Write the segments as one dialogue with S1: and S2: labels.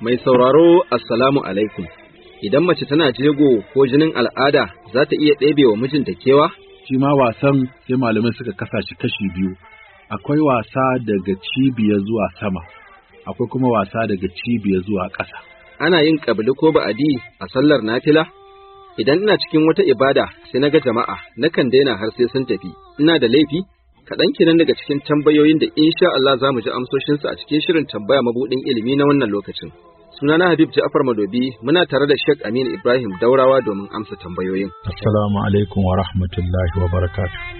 S1: mai sauraro assalamu alaikum idan mace tana jego ko jinin al'ada za ta iya ɗebe wa mijinta kewa?
S2: shi ma wasan sai malamai suka kasa shi kashi biyu akwai wasa daga cibiyar zuwa sama akwai kuma wasa daga cibiyar zuwa ƙasa
S1: ana yin ƙabilu ko ba'adi a sallar natila idan ina cikin wata ibada sai na ga jama'a nakan daina har sai sun tafi ina da laifi kaɗan kenan daga cikin tambayoyin da insha Allah za mu ji amsoshinsu a cikin shirin tambaya mabuɗin ilimi na wannan lokacin sunana Habib Ja'far Madobi muna tare da Sheikh Aminu Ibrahim Daurawa domin amsa tambayoyin
S2: assalamu alaikum wa rahmatullahi wa barakatuh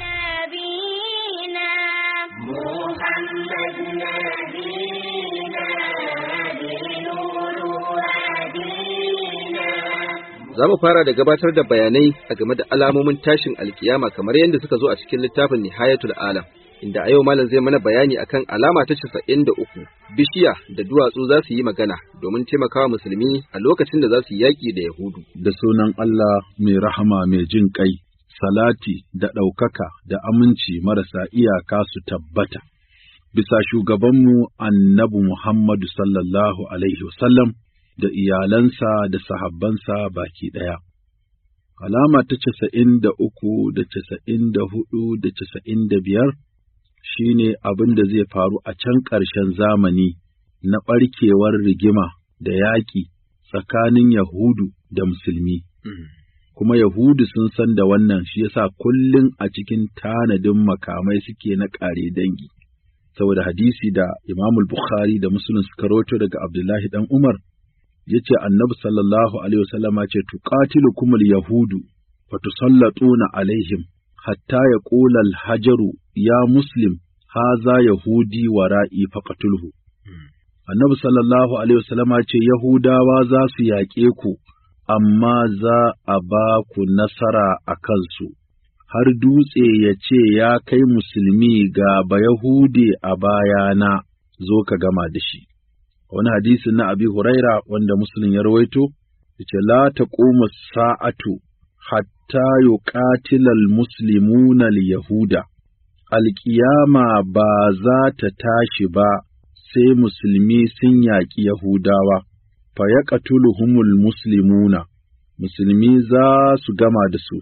S1: za mu fara da gabatar da bayanai a game da alamomin tashin alkiyama kamar yadda suka zo a cikin littafin Nihayatul Alam. Inda a yau malam zai mana bayani akan alama ta casa'in da uku, bishiya da duwatsu za su yi magana domin taimakawa musulmi a lokacin da za su yaƙi da Yahudu.
S2: Da sunan Allah mai rahama mai jin ƙai, salati da ɗaukaka da aminci marasa iyaka su tabbata. Bisa shugabanmu annabi Muhammadu sallallahu Alaihi wasallam da iyalansa da sahabbansa baki ɗaya. Alama ta casa'in da uku da casa'in da hudu da casa'in da biyar shi ne abin da zai faru a can ƙarshen zamani na ɓarkewar rigima da yaƙi tsakanin Yahudu da Musulmi. Mm. Kuma Yahudu sun san da wannan shi yasa kullum a cikin tanadin makamai suke na ƙare dangi. Saboda hadisi da Imamul Bukhari da Musulun suka roto daga Abdullahi ɗan Umar, yace annabi sallallahu alaihi wasallama ce tuqatilukum kumul yahudu fatusallatuna alaihim hatta yaqula al-hajaru ya muslim haza yahudi wara'i faqatulhu annabi sallallahu alaihi wasallama ce yahudawa za su yaƙe ku amma za a ba ku nasara a kansu har dutse ya ce ya kai musulmi ga bayahude a bayana zo ka gama da shi wani hadisin na Abi Huraira wanda Muslim ya rawaito yace la taqumu sa'atu hatta yuqatila ƙatilal muslimuna yahuda alƙiyama ba za ta tashi ba sai musulmi sun yaƙi Yahudawa fa humul muslimuna musulmi za su gama da su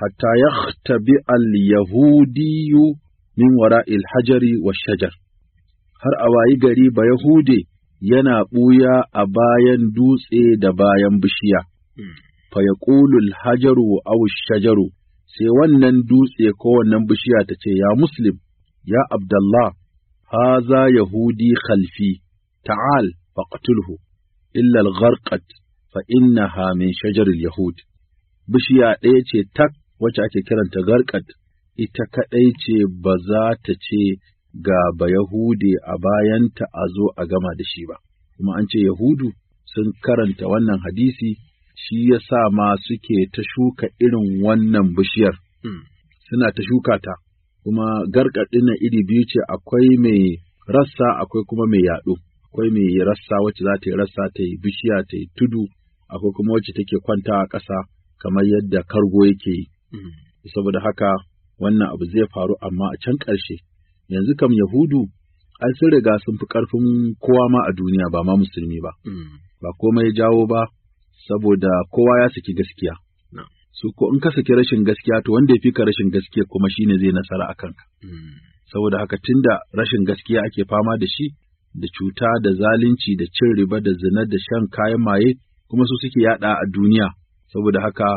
S2: hatta yahtabi al-yahudiyu min wara'il hajari wa shajar har a wayi gari ba Yahude yana ɓuya a bayan dutse da bayan bishiya. Hmm. Fayaƙulul hajaru aw shajaru sai wannan dutse ko wannan bishiya ta ce, Ya Muslim, ya Abdallah, haza Yahudi khalfi, ta'al faqtulhu, Illal al-gharqat fa ha min shajaril yahud. Bishiya ɗaya ce tak wacce ake kiranta garkat, ita kaɗai ce ba za ta ce ga ba Yahude a bayanta a zo a gama da shi ba. Kuma an ce Yahudu sun karanta wannan hadisi shi ya sa ma suke ta shuka irin wannan bishiyar. Hmm. Suna ta shuka ta, kuma gargaɗin na iri biyu ce akwai mai rassa akwai kuma mai yaɗo. Akwai mai rassa wacce za ta yi rassa ta yi bishiya ta yi tudu, akwai kuma wacce take kwanta a ƙasa kamar yadda kargo yake yi. Hmm. Saboda haka wannan abu zai faru amma a can ƙarshe yanzu kam yahudu ai sun riga sun fi ƙarfin kowa ma a duniya ba ma musulmi ba hmm. ba komai jawo ba saboda kowa ya saki gaskiya su ko in ka saki rashin gaskiya to wanda ya fi ka rashin gaskiya kuma shine zai nasara a kanka hmm. saboda haka tun da rashin gaskiya ake fama da shi da cuta da zalunci da cin riba da zina da shan kayan maye kuma su suke yada a duniya saboda haka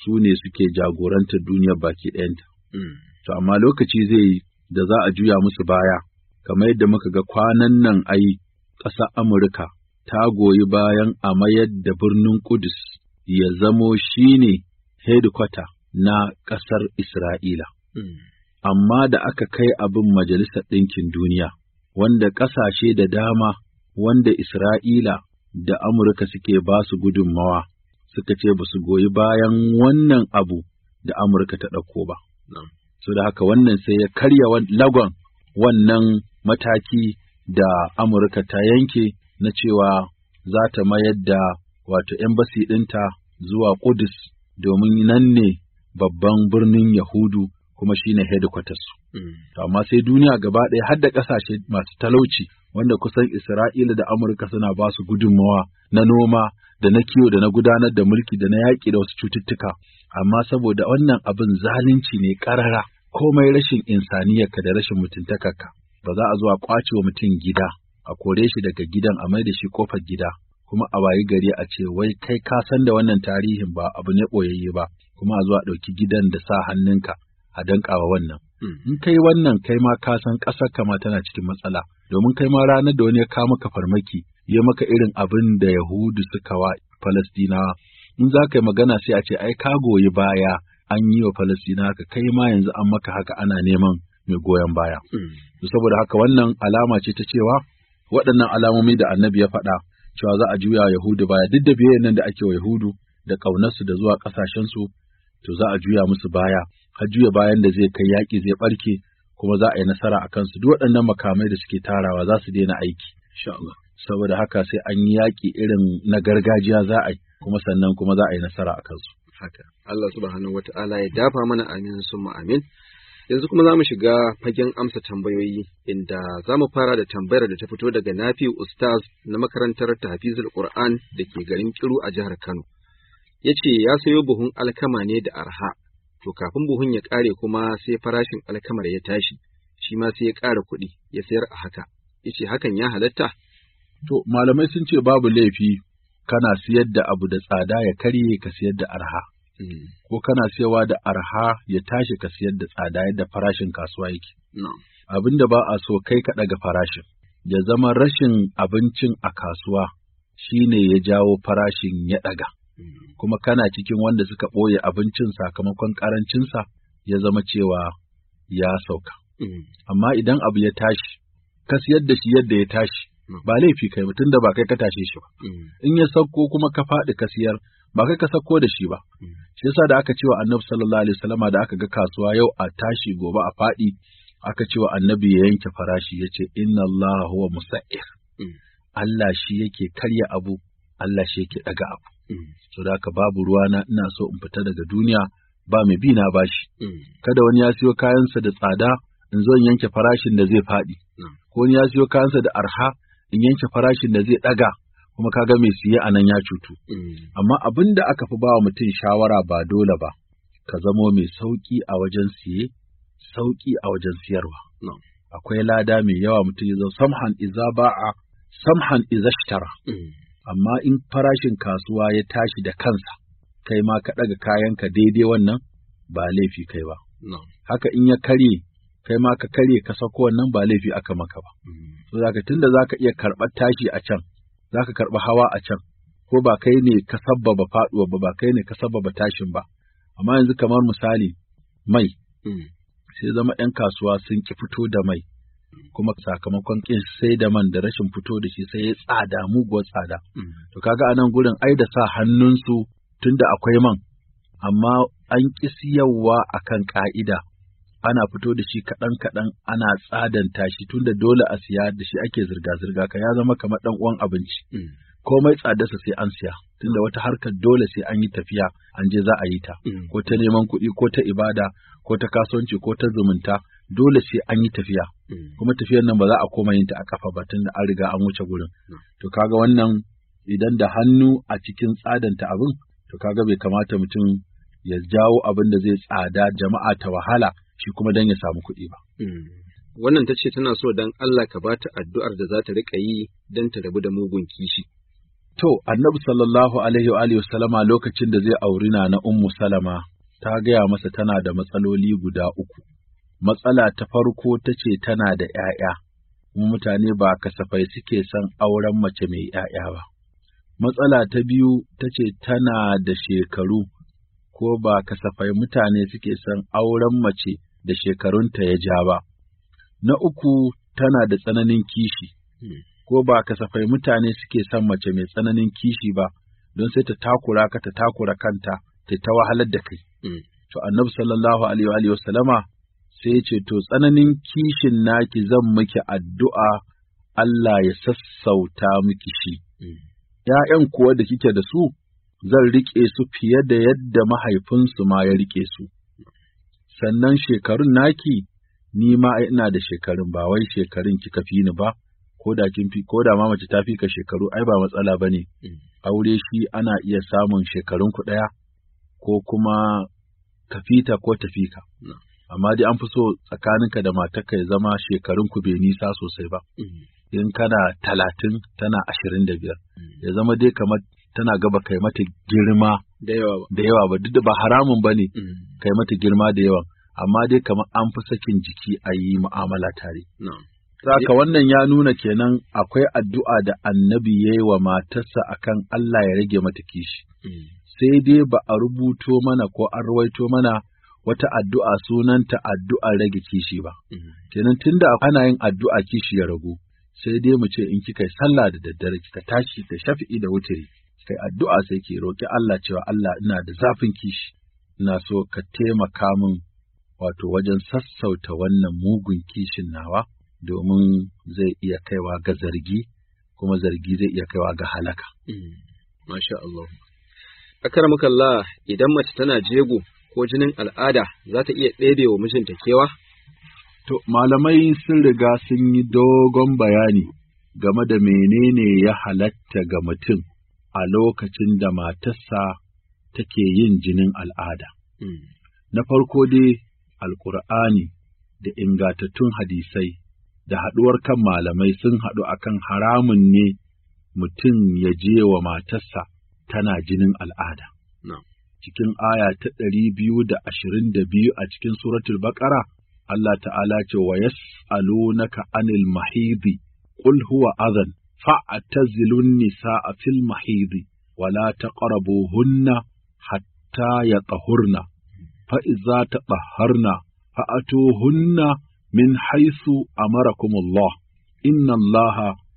S2: su ne suke jagorantar duniyar baki ɗayanta. Hmm. To amma lokaci zai yi da za a juya musu baya, kamar yadda muka ga kwanan nan ai ƙasa Amurka ta goyi bayan a mayar da birnin Kudus ya zamo shi ne na ƙasar Isra'ila. Hmm. Amma da aka kai abin majalisa Ɗinkin Duniya, wanda ƙasashe da dama wanda Isra'ila da Amurka suke ba su gudunmawa, suka ce ba su goyi bayan wannan abu da Amurka ta ɗauko ba. so da haka wannan sai ya karya lagon wannan mataki da Amurka ta yanke na cewa za ta mayar da wato embassy ɗinta zuwa Kudus domin nan ne babban birnin Yahudu kuma shine headquarters su. Mm. To Amma sai duniya gaba ɗaya har da ƙasashe masu talauci wanda kusan Isra'ila da Amurka suna ba su gudunmawa na noma da na kiwo da na gudanar da mulki da na yaƙi da wasu cututtuka. Amma saboda wannan abin zalunci ne ƙarara komai rashin insaniyarka da rashin mutuntakarka ba za a zo a ƙwace wa mutum gida a kore shi daga gidan a mai da shi kofar gida kuma a wayi gari a ce wai kai ka san da wannan tarihin ba abu ne ɓoyayye ba kuma a zo a ɗauki gidan da sa hannunka a danƙawa wannan hmm. in kai wannan kai ma ka san ƙasar ma tana cikin matsala domin kai ma ranar da wani ya kawo maka farmaki ya maka irin abin da Yahudu suka wa Falastinawa in za ka yi magana sai a ce ai ka goyi baya an yi wa Falasina haka kai ma yanzu an maka haka ana neman mai goyon baya. Hmm. Saboda haka wannan alama ce ta cewa waɗannan alamomi da annabi ya faɗa cewa za a juya Yahudu baya duk da biyayyen nan da ake wa Yahudu da ƙaunarsu da zuwa ƙasashensu to za a juya musu baya har juya bayan da zai kai yaƙi zai barke kuma za a yi nasara a kansu duk waɗannan makamai da suke tarawa za su daina aiki. Saboda haka sai an yi yaƙi irin na gargajiya za a yi kuma sannan kuma za a yi nasara a kansu. haka
S1: Allah subhanahu wata'ala ya dafa mana amin mu amin yanzu kuma za mu shiga fagen amsa tambayoyi inda zamu fara da tambayar da ta fito daga Nafi Ustaz na makarantar Tahfizul Qur'an da ke garin Kiru a jihar Kano. yace ya sayo buhun alkama ne da arha, to kafin buhun ya ƙare kuma sai farashin alkamar ya tashi, shi ma sai ya kara kuɗi ya sayar a haka. yace ce hakan ya halatta?
S2: To, malamai sun ce babu laifi kana siyar da abu da tsada ya karye ka siyar da arha. Mm. ko kana siyawa da arha ya tashi ka siyar da tsada yadda farashin kasuwa yake. Abin da ba a so kai ka ɗaga farashin, ya zama rashin abincin a kasuwa shine ya jawo farashin ya ɗaga. Mm. Kuma kana cikin wanda suka ɓoye abincin sakamakon ƙarancinsa ya zama cewa ya sauka. Mm. Amma idan abu ya tashi, ka siyar da shi yadda ya tashi, ba laifi kai mutum da ba kai ka tashe shi ba. In ya sauko kuma ka faɗi ka siyar, ba kai ka sako da shi ba hmm. shi yasa da aka ce wa annabi sallallahu alaihi wasallama da aka ga kasuwa yau a tashi gobe a faɗi aka cewa annabi ya yanke farashi ya ce inna Allah huwa musa'ir hmm. Allah shi yake karya abu Allah shi yake daga abu to hmm. da haka babu ruwana ina so in fita daga duniya ba mai bi na bashi kada wani ya siyo kayansa da tsada in zo in yanke farashin da zai faɗi ko wani ya siyo kayansa da arha in yanke farashin da zai ɗaga kuma ka ga mai siya a nan ya cutu. Mm. Amma abin da aka fi ba wa mutum shawara ba dole ba, ka zamo mai sauƙi a wajen siye, sauƙi a wajen siyarwa. Akwai lada mai yawa mutum ya samhan iza a samhan iza shitara. Mm. Amma in farashin kasuwa ya tashi da kansa, kai ma ka ɗaga kayanka daidai wannan ba laifi kai ba. Haka in ya karye kai ma ka karye ka sako wannan ba laifi aka maka ba. Mm. So zaka tunda zaka iya karɓar tashi a can, za ka karɓi hawa a can, ko ba kai ne ka sabbaba faɗuwa ba, ba kai ne ka sabbaba tashin ba. Amma yanzu kamar misali mai, hmm. sai zama ‘yan kasuwa sun ki fito da mai, kuma sakamakon ƙin sai da man da rashin fito da shi sai ya tsada muguwar tsada. Hmm. To kaga anan gurin ai da sa hannunsu tunda akwai man, amma an ƙi siyarwa a kan ƙa'ida ana fito da shi kaɗan-kaɗan ana tsadanta shi tunda dole a siya da shi ake zirga-zirga ka ya zama kamar ɗan uwan abinci. Mm. Komai tsadarsa sai an siya, tunda wata harkar dole sai an yi tafiya an je za a yi ta, mm. ko ta neman kuɗi ko ta ibada ko ta kasuwanci ko ta zumunta dole sai an yi tafiya. Mm. Kuma tafiyar nan ba za a koma yin ta a kafa ba tunda an riga an wuce gurin. To kaga wannan idan da hannu a cikin tsadanta abin to kaga bai kamata mutum ya jawo abin da zai tsada jama'a ta wahala shi kuma dan ya samu kuɗi ba.
S1: Hmm. Wannan ta ce tana so don Allah ka bata addu'ar da za ta riƙa yi don ta rabu da mugun kishi.
S2: To, annabi sallallahu alaihi wa alihi lokacin da zai auri na na Ummu Salama ta gaya masa tana da matsaloli guda uku. Matsala ta farko ta ce tana da ‘ya'ya, kuma mutane ba kasafai suke son auren mace mai ‘ya'ya ba. Matsala ta biyu ta ce tana da shekaru, ko ba kasafai mutane suke son auren mace da shekarunta ya ja ba. Na uku tana da tsananin kishi, hmm. ko ba kasafai mutane suke son mace mai tsananin kishi ba, don sai ta takura ka ta takura kanta, ta ta wahalar da kai. Hmm. To annabi sallallahu alaihi wa sai ce to tsananin kishin naki zan miki addu'a Allah ya sassauta miki shi. Hmm. ‘Ya'yan kuwa da kike da su, zan riƙe su fiye da yadda mahaifinsu ma ya riƙe su, sannan shekarun naki, ni ma ina da shekarun ba wai shekarun kika fi ni ba, ko da kin fi ma mace ta fi ka shekaru ai ba matsala bane mm. aure shi ana iya samun shekarun ku daya ko kuma ka fita ko ta ka. amma dai an fi so tsakaninka da matarka ya zama shekarun ku bai nisa sosai ba mm. in kana talatin tana ashirin da biyar mm. ya zama dai kamar tana gaba kai mata girma da yawa ba da ba duk da ba haramun ba ne mm. kai mata girma da yawa amma dai kamar an fi sakin jiki a yi mu'amala tare. No. Saka wannan ya nuna kenan akwai addu'a da annabi ya yi wa matarsa akan Allah ya rage mata kishi. Mm. Sai dai ba a rubuto mana ko an rawaito mana wata addu'a sunanta addu'a rage kishi ba. Mm. Kenan tunda ana yin addu'a kishi ya ragu, sai dai mu ce in kika sallah da daddare kika tashi da shafi'i da wutiri. kai addu'a sai ke roƙi Allah cewa Allah ina da zafin kishi, ina so ka taimaka min wato wajen sassauta wannan mugun kishin nawa domin zai iya kaiwa ga zargi, kuma zargi zai iya kaiwa ga halaka. A hmm. Masha
S1: Allah. idan mace tana jego ko jinin al'ada za ta iya ɗebe wa mijinta kewa?
S2: To, malamai sun riga sun yi dogon bayani game da menene ya halatta ga mutum. a lokacin da matarsa take yin jinin al'ada. Hmm. Na farko dai Alƙur'ani da ingantattun hadisai da haɗuwar kan malamai sun haɗu akan haramun ne mutum ya je wa matarsa tana jinin al'ada. Cikin aya ta ɗari biyu da ashirin da biyu a cikin suratul baƙara, Allah ta'ala ce wa yas'alunaka anil mahidi, ƙul huwa azan, فاعتزلوا النساء في المحيض ولا تقربوهن حتى يطهرن فإذا تطهرن فأتوهن من حيث أمركم الله إن الله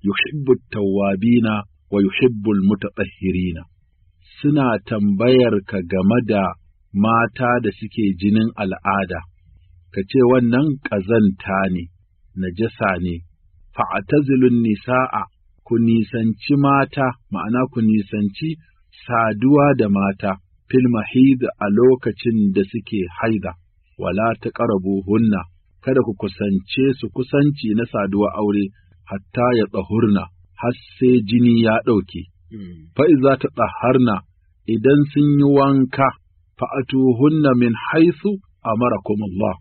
S2: يحب التوابين ويحب المتطهرين سنا تنبير كجمدا ما تاد سكي جنن jinin al'ada, ka ce wannan ƙazanta ne, ku nisanci mata, ma'ana ku nisanci saduwa da mata, fil mahid a lokacin da suke haida, wala ta hunna, kada ku kusance su kusanci na saduwa aure, hatta ya tsahurna, har sai jini ya ɗauke. Hmm. Fa'iza ta tsaharna, idan sun yi wanka, hunna min haisu a mara Allah,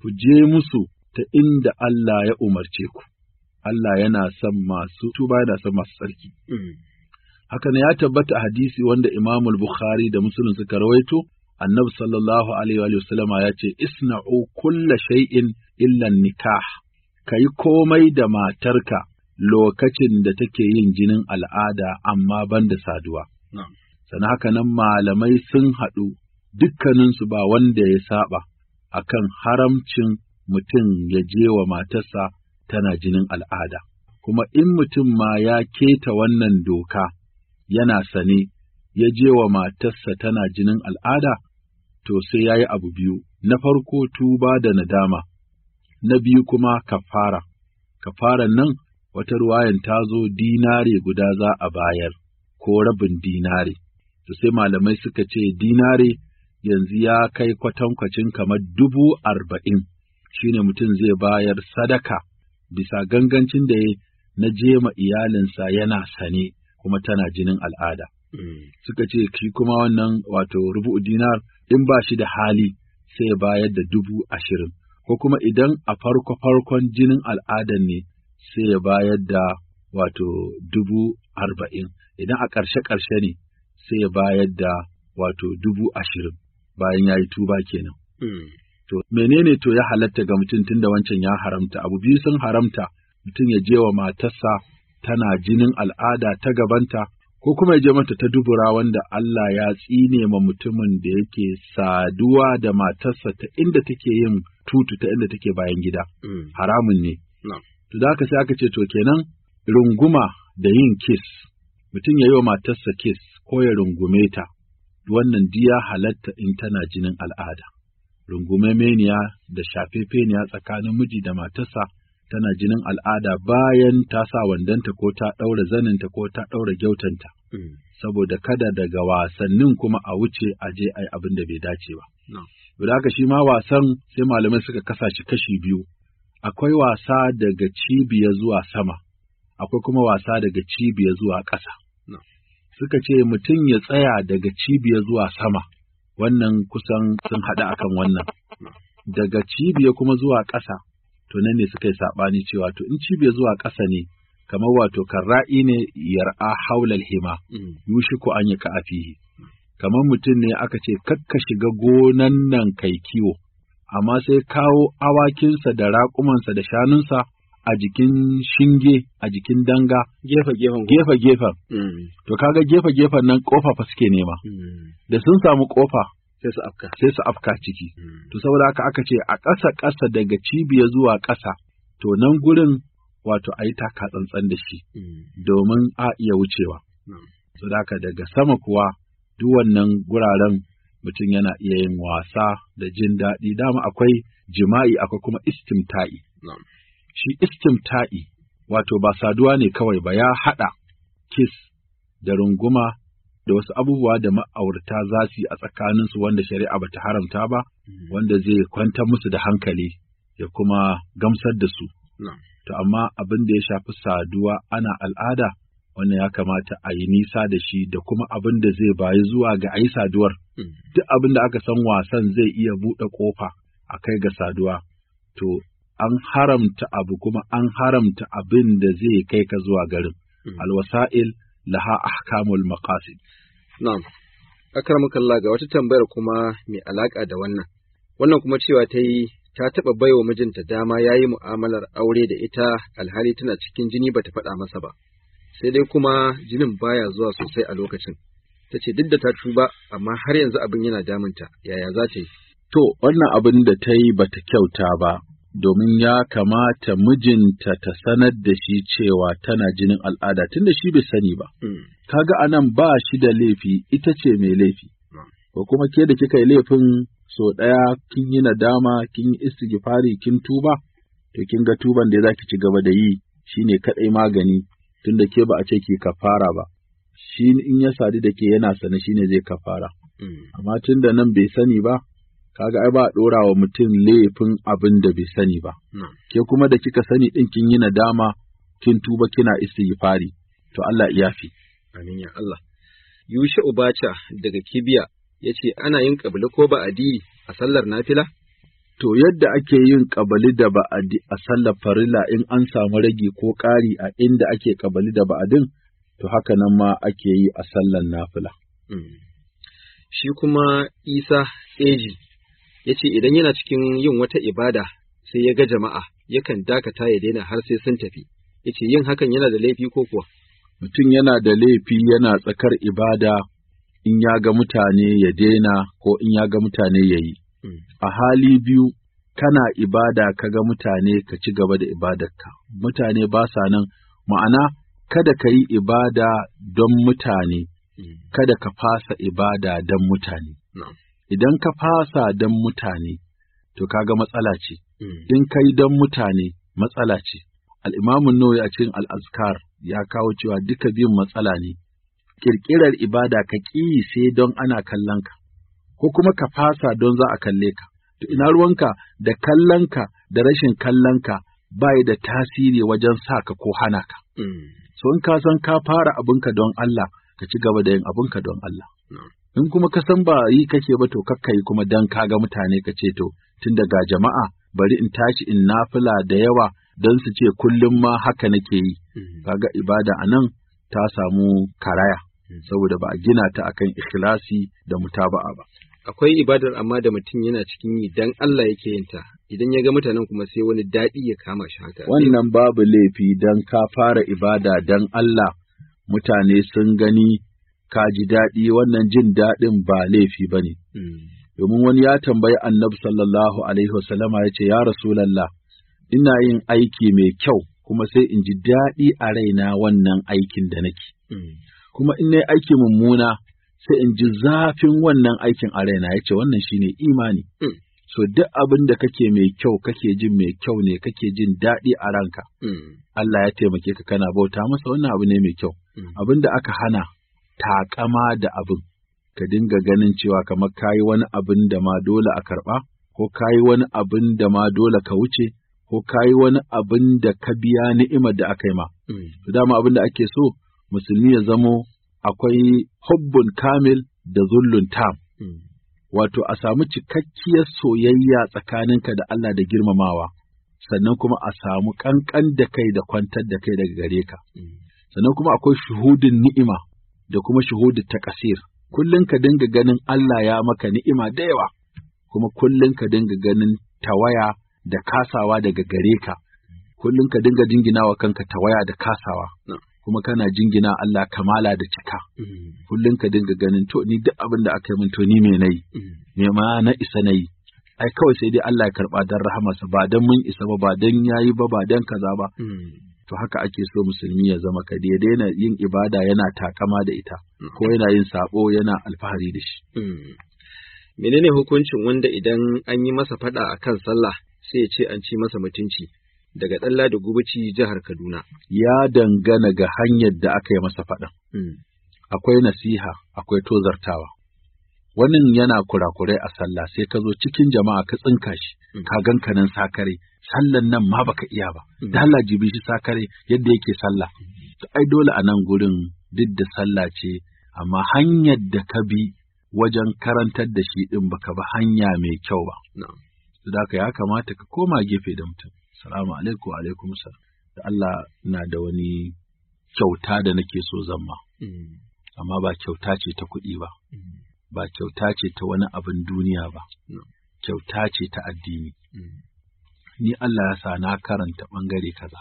S2: ku je musu ta inda Allah ya umarce ku. Allah yana son masu tuba da son masu tsarki. Mm. Haka ya tabbata hadisi wanda Imam Bukhari da Muslim suka rawaito, Annabi sallallahu alaihi wa sallama ya ce isna'u kulla shay'in illa nikah. Kayi komai da matarka lokacin da take yin jinin al'ada amma ban da saduwa. Sana haka nan malamai sun haɗu dukkaninsu ba wanda ya saba akan haramcin mutum ya je wa matarsa tana jinin al'ada, kuma in mutum ma ya keta wannan doka yana sane ya je wa matarsa tana jinin al'ada, to sai ya yi abu biyu, na farko tuba da nadama, na biyu kuma kafara, kafaran nan wata ruwayan ta zo dinare guda za a bayar, ko rabin dinare, to sai malamai suka ce dinare yanzu ya kai kwatankwacin kamar dubu arba'in, shi ne mutum zai bayar sadaka bisa gangancin da ya na jema iyalinsa yana sane kuma tana jinin al'ada. Mm. Suka ce shi kuma wannan wato rubu'u dinar in ba shi da hali sai ya bayar da dubu ashirin, ko kuma idan a farko-farkon jinin al'adan ne sai ya bayar da wato dubu arba'in, idan a ƙarshe-ƙarshe ne sai ya bayar da wato dubu ashirin bayan ya yi tuba kenan. Mm. To menene to ya halatta ga mutum tunda wancan ya haramta? Abu biyu sun haramta mutum ya je wa matarsa tana jinin al'ada ta gabanta ko kuma ya je mata ta dubura wanda Allah ya tsine ma mutumin da yake saduwa da matarsa ta inda take yin tutu ta inda take bayan gida. Mm. Haramun ne. To da aka sai aka ce to kenan runguma da yin kiss. Mutum ya yi wa matarsa kiss ko ya rungume ta. Wannan diya halatta in tana jinin al'ada. rungumemeniya da shafefeniya tsakanin miji da matarsa tana jinin al'ada bayan ta sa wandanta ko ta ɗaura zaninta ko ta ɗaura gyautanta. Mm. Saboda kada daga wasannin kuma a wuce a je ai abin da bai dace ba. Da ka shi ma wasan sai malamai suka kasa shi kashi biyu. Akwai wasa daga cibiya zuwa sama, akwai kuma wasa daga cibiya zuwa ƙasa. Suka ce mutum ya tsaya daga cibiya zuwa sama, wannan kusan sun haɗa akan wannan daga cibiya kuma zuwa ƙasa to nan ne suka yi saɓani cewa to in cibiya zuwa ƙasa ne kamar wato karra'i ne yar'a haulal hima mm. yushiku an yi ka'afihi kamar mutum ne aka ce kakka shiga gonan nan kai kiwo amma sai kawo awakinsa da raƙumansa da shanunsa a jikin shinge a jikin danga gefe gefen gefe mm. to kaga gefe gefen nan kofa fa suke nema mm. da sun samu kofa sai su afka sai su afka ciki mm. to saboda haka aka ce a ƙasa ƙasa daga cibiya zuwa ƙasa to nan gurin wato a yi taka tsantsan da shi domin a iya wucewa saboda haka daga sama kuwa duk wannan guraren mutum yana iya yin wasa da jin daɗi dama akwai jima'i akwai kuma istimta'i shi istimta'i wato ba saduwa ne kawai ba ya haɗa kis da runguma da wasu abubuwa da ma'aurata za su yi a tsakaninsu wanda shari'a bata haramta ba, mm-hmm. wanda zai kwantar musu da hankali ya kuma gamsar da su. To amma abin da ya shafi saduwa ana al'ada wannan ya kamata a yi nisa da shi da kuma abin da zai bayi zuwa ga ayi saduwar. Mm-hmm. Duk abin da aka san wasan zai iya buɗe ƙofa a kai ga saduwa. To an haramta abu kuma an haramta abin da zai kai ka zuwa garin. Hmm. Alwasa'il laha ahkamul maqasid.
S1: Na'am. Akramaka Allah ga wata tambayar kuma mai alaƙa da wannan. Wannan kuma cewa ta yi ta taɓa baiwa mijinta dama ya yi mu'amalar aure da ita alhali tana cikin jini bata faɗa masa ba. Sai dai kuma jinin baya zuwa sosai a lokacin. Ta ce duk da ta tuba amma har yanzu abin yana damunta yaya za ta yi.
S2: To wannan abin da ta yi bata kyauta ba domin ya kamata mijinta ta sanar da shi cewa tana jinin al'ada tunda shi bai sani ba. Hmm. Kaga anan ba shi da laifi ita ce mai laifi, hmm. ko kuma ke da kika yi laifin so ɗaya kin yi nadama kin yi istighfari kin tuba, to kin ga tuban da za ki ci gaba da yi shine kaɗai magani tunda ke ba a ce ki kafara ba. Shi in ya sadu da ke yana sane shine zai kafara. Hmm. Amma tunda nan bai sani ba, kaga ai ba dora wa mutum laifin abin da bai sani ba ke kuma da kika sani din kin yi nadama kin tuba kina istighfari to Allah ya fi
S1: amin ya Allah yushe Ubacha daga Kibiya yace ana yin kabli ko ba adi a sallar nafila
S2: to yadda ake yin kabali da ba'adi a sallar farilla in an samu ragi ko ƙari a inda ake kabali da ba ba'adin, to haka nan ma ake yi a sallar nafila. Hmm.
S1: Shi kuma Isa Eji ya ce idan yana cikin yin wata ibada sai ya ga jama'a yakan dakata ya daina har sai sun tafi ya ce yin hakan
S2: yana da laifi ko kuwa mutum yana da laifi yana tsakar ibada in ya ga mutane ya daina ko in ya ga mutane ya yi hmm. a hali biyu kana ibada ka ga mutane ka ci gaba da ibadarka mutane ba sa nan ma'ana kada ka yi ibada don mutane hmm. kada ka fasa ibada don mutane idan ka fasa don mutane to kaga matsala ce hmm. in kai don mutane matsala ce al'imamun nawawi a cikin al'azkar ya kawo cewa duka biyun matsala ne ƙirƙirar ibada ka ƙi sai don ana kallon ka ko kuma ka fasa don za a kalle ka to ina ruwanka da kallon ka da rashin kallon ka bai da tasiri wajen sa ka ko hana ka hmm. so in ka san ka fara abinka don Allah ka ci gaba da yin abinka don Allah. in kuma ka san ba yi kake ba to kakka yi kuma dan ka ga mutane ka ce to tun daga jama'a bari in tashi in nafila da yawa don su ce kullum ma haka nake yi mm-hmm. kaga ibada a nan ta samu karaya mm-hmm. saboda ba a gina ta akan ikhlasi da mutaba'a ba
S1: akwai ibadar amma da mutum yana cikin yi dan Allah yake yin ta idan ya ga mutanen kuma sai wani dadi ya kama shi haka wannan
S2: babu laifi dan ka fara ibada dan Allah mutane sun gani ka ji daɗi wannan jin daɗin ba laifi ba ne. Domin wani ya tambayi annabi sallallahu alaihi wasallama ya ce, Ya Rasulallah, ina yin aiki mai kyau kuma sai in ji daɗi a raina wannan aikin da nake. Kuma in nayi aiki mummuna sai in ji zafin wannan aikin a raina ya ce wannan shine imani. So duk abin da kake mai kyau kake jin mai kyau ne kake jin daɗi a ranka. Allah ya taimake ka kana bauta masa wannan abu ne mai kyau. Abin da aka hana taƙama da abin, ka dinga ganin cewa kamar ka yi wani abin da ma dole a karɓa, ko ka yi wani abin da ma dole ka wuce, ko ka yi wani abin da ka biya ni'ima da aka yi ma. Mm. Dama abin da ake so, musulmi ya zamo akwai hubbun kamil da zullun tam. Mm. Wato, a samu cikakkiyar soyayya tsakaninka da Allah da girmamawa, sannan kuma a samu ƙanƙan da kai da kwantar da kai daga gare ka. Mm. Sannan kuma akwai shuhudin ni'ima, da kuma shuhudu ta kasir, kullum ka dinga ganin Allah ya maka ni'ima da yawa, kuma kullum ka dinga ganin tawaya da kasawa daga gare ka, kullum ka dinga jinginawa kanka tawaya da kasawa, kuma kana jingina Allah kamala da cika, kullum ka dinga ganin to ni duk abin da aka yi min to ni me nayi, me ma na isa nayi. Ai kawai sai dai Allah ya karɓa don rahamarsa ba don mun isa ba ba don yayi ba ba don kaza ba. to haka ake so musulmi ya zama ka daina yin ibada yana takama da ita mm. ko yana yin sabo yana alfahari da shi mm.
S1: menene hukuncin wanda idan an yi masa fada akan sallah sai ya ce an ci masa mutunci daga ɗalla da gubuci jihar Kaduna
S2: ya dangana ga hanyar da aka yi masa faɗan mm. akwai nasiha akwai tozartawa wannan yana kurakurai a sallah sai ka zo cikin jama'a ka tsinka shi ka gan kanan nan sakare sallan nan ma baka iya ba mm. da Allah jibi shi sakare yadda yake sallah to ai dole a nan gurin duk da sallah ce amma hanyar da ka bi wajen karantar da shi ɗin baka ba hanya mai kyau ba da ka ya kamata ka koma gefe da mutum salamu alaikum wa alaikum da Allah na da wani kyauta da nake so zama. ma mm. amma ba kyauta ce ta kuɗi ba mm. ba kyauta ce ta wani abin duniya ba kyauta ce ta addini ni Allah ya sa na karanta ɓangare kaza,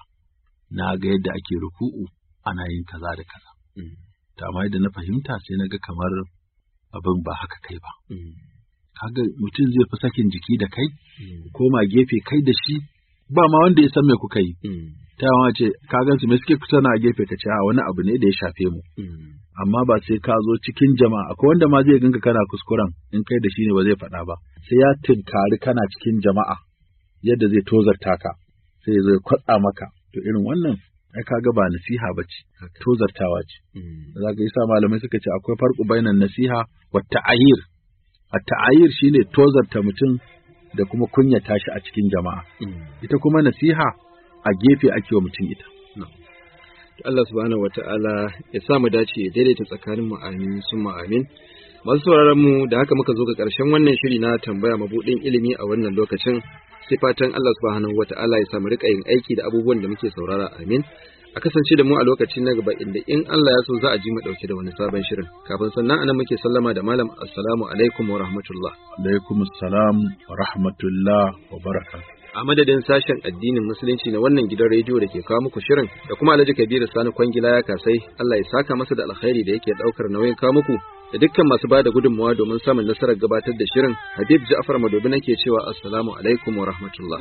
S2: na ga yadda ake ruku'u ana yin kaza da kaza. Mm. Ta amma yadda na fahimta sai na ga kamar abin ba haka kai ba. Mm. Kaga mutum zai fi sakin jiki da kai, mm. Ko ma gefe kai da shi, ba ma wanda ya san me kuka yi. Ta yawa ce, ka gan su me suke kusa na gefe ka ce a wani abu ne da ya shafe mu. Amma ba sai ka zo cikin jama'a, akwai wanda ma zai ganka kana kuskuren in kai da shi ne ba zai faɗa ba. Sai ya tinkari kana cikin jama'a. yadda zai tozarta ka sai zai kwatsa maka to irin wannan ai kaga ba nasiha ba ce tozartawa ce hmm. za ka yasa malamai suka ce akwai farko bainan nasiha wa ta'ayir a ta'ayir shine tozarta mutum da kuma kunyata shi a cikin jama'a hmm. ita kuma nasiha a gefe ake wa mutum ita
S1: Allah subhanahu wata'ala ya sa mu dace daidaita tsakanin mu amin sun amin masu sauraron mu da haka muka zo ga karshen wannan shiri na tambaya mabudin ilimi a wannan lokacin sai fatan Allah subhanahu wata'ala ya samu rika yin aiki da abubuwan da muke saurara amin a kasance da mu a lokaci na gaba inda in Allah ya so za a ji mu dauke da wani sabon shirin kafin sannan anan muke sallama da malam assalamu alaikum wa rahmatullah
S2: alaikum assalam wa rahmatullah wa barakatuh
S1: a madadin sashen addinin musulunci na wannan gidan rediyo da ke kawo muku shirin da kuma Alhaji Kabiru Sani Kwangila ya kasai Allah ya saka masa da alkhairi da yake daukar nauyin kawo muku da dukkan masu ba da gudunmawa domin samun nasarar gabatar da shirin habib ja'far madobi nake cewa assalamu alaikum wa rahmatullah